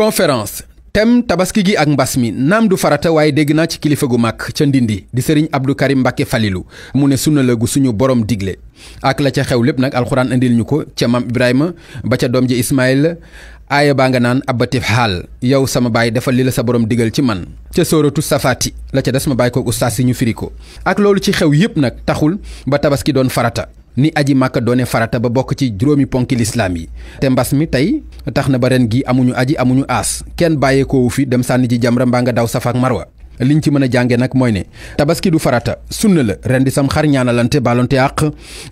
conférence tem tabaski gi ak mbas mi naam du farata waaye dégg naa ci kilifa gu mag ca ndindi di sëriñ Abdou Karim falilu Falilou mu ne sunna la gu suñu borom digle ak la ca xew lépp nag alxuraan indil ñu ko ca maam Ibrahima ba ca doom ji Ismaïl aaya baa nga naan abati xaal yow sama baay defal li la sa borom digal ci man ca sóoratu safaati la ca des ma baay kooku ustaas yi ñu firi ko ak loolu ci xew yëpp nag taxul ba tabaski doon farata ni aji màkka doone farata ba bokk ci juróomi ponki lislaam yi te mbas mi tey tax na ba ren gi amuñu aji amuñu aas kenn bàyyeekoowu fi dem sànni ji jamra mbaa nga daw safa ak marwa liñ ci mën a jànge nag mooy ne tabaski du farata sunna la ren di sam xarñaanalante ñaanalante baalonte àq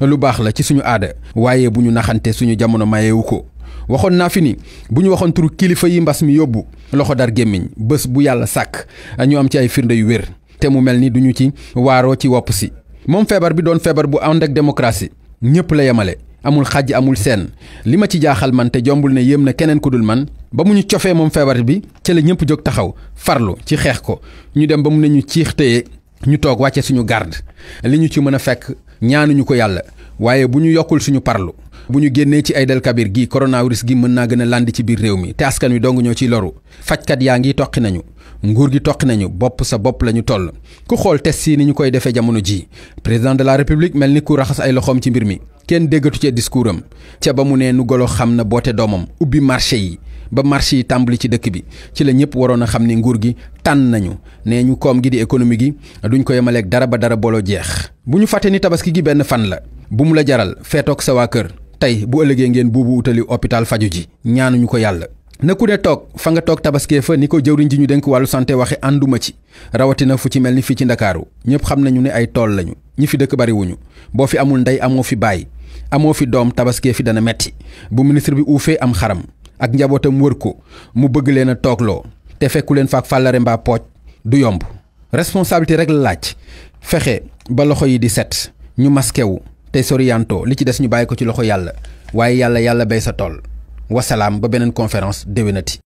lu baax la ci suñu aada waaye bu ñu naxante suñu jamono mayewu ko waxoon naa fi ni bu ñu waxoon turu kilifa yi mbas mi yóbbu loxo dar gémmiñ bés bu yàlla sàkk ñu am ci ay firnde yu wér te mu mel ni duñu ci waaroo ci wopp si moom feebar bi doon feebar bu ànd ak démocratie ñëpp la yemale amul xaj amul seen li ma ci jaaxal man te jombul ne yéem na keneen ku dul man ba mu ñu cofee moom feebar bi ci la ñëpp jóg taxaw farlu ci xeex ko ñu dem ba mu ne ñu ciix téye ñu toog wàcce suñu garde li ñu ci mën a fekk ñaanuñu ko yàlla waaye bu ñu yokkul suñu parlu bu ñu génnee ci Aïd el Kabir gi coronavirus gi mën naa gën a landi ci biir réew mi te askan wi dong ñoo ciy loru fajkat yaa ngi toqi nañu nguur gi toqi nañu bopp sa bopp la ñu toll ku xool test yi ni ñu koy defee jamono ji président de la république mel ni ku raxas ay loxoom ci mbir mi kenn déggatu ca discours am ca ba mu ne nu golo xam na boote doomam ubbi marché yi ba marché yi tàmbali ci dëkk bi ci la ñëpp waroon a xam ni nguur gi tànn nañu nee ñu koom gi di économie gi duñ ko yemaleeg dara ba dara booloo jeex. bu ñu fàtte ni tabaski gi benn fan la bu mu la jaral feetoog sa kër tey bu ëllëgee ngeen buubu utali hôpital faju ji ñaanuñu ko yàlla. na ku ne toog fa nga toog tabaskee fa ni ko jëwriñ ji ñu dénk wàllu santé waxe ànduma ci rawatina fu ci mel ni fii ci ndakaaru ñëpp xam nañu ne ay tool lañu ñi fi dëkk bariwuñu boo fi amul ndey amoo fi baay amoo fi doom tabaskee fi dana metti bu ministre bi uufee am xaram ak njabootam wër ko mu bëgg leen a toogloo te fekku leen faak fàllare mbaa pooj du yomb responsabilité rek la laaj fexe ba loxo yi di set ñu maskewu te soriyanto li ci des ñu bàyyi ko ci loxo yàlla waaye yàlla yàlla bay sa tool wasalaam ba beneen conférence déwénati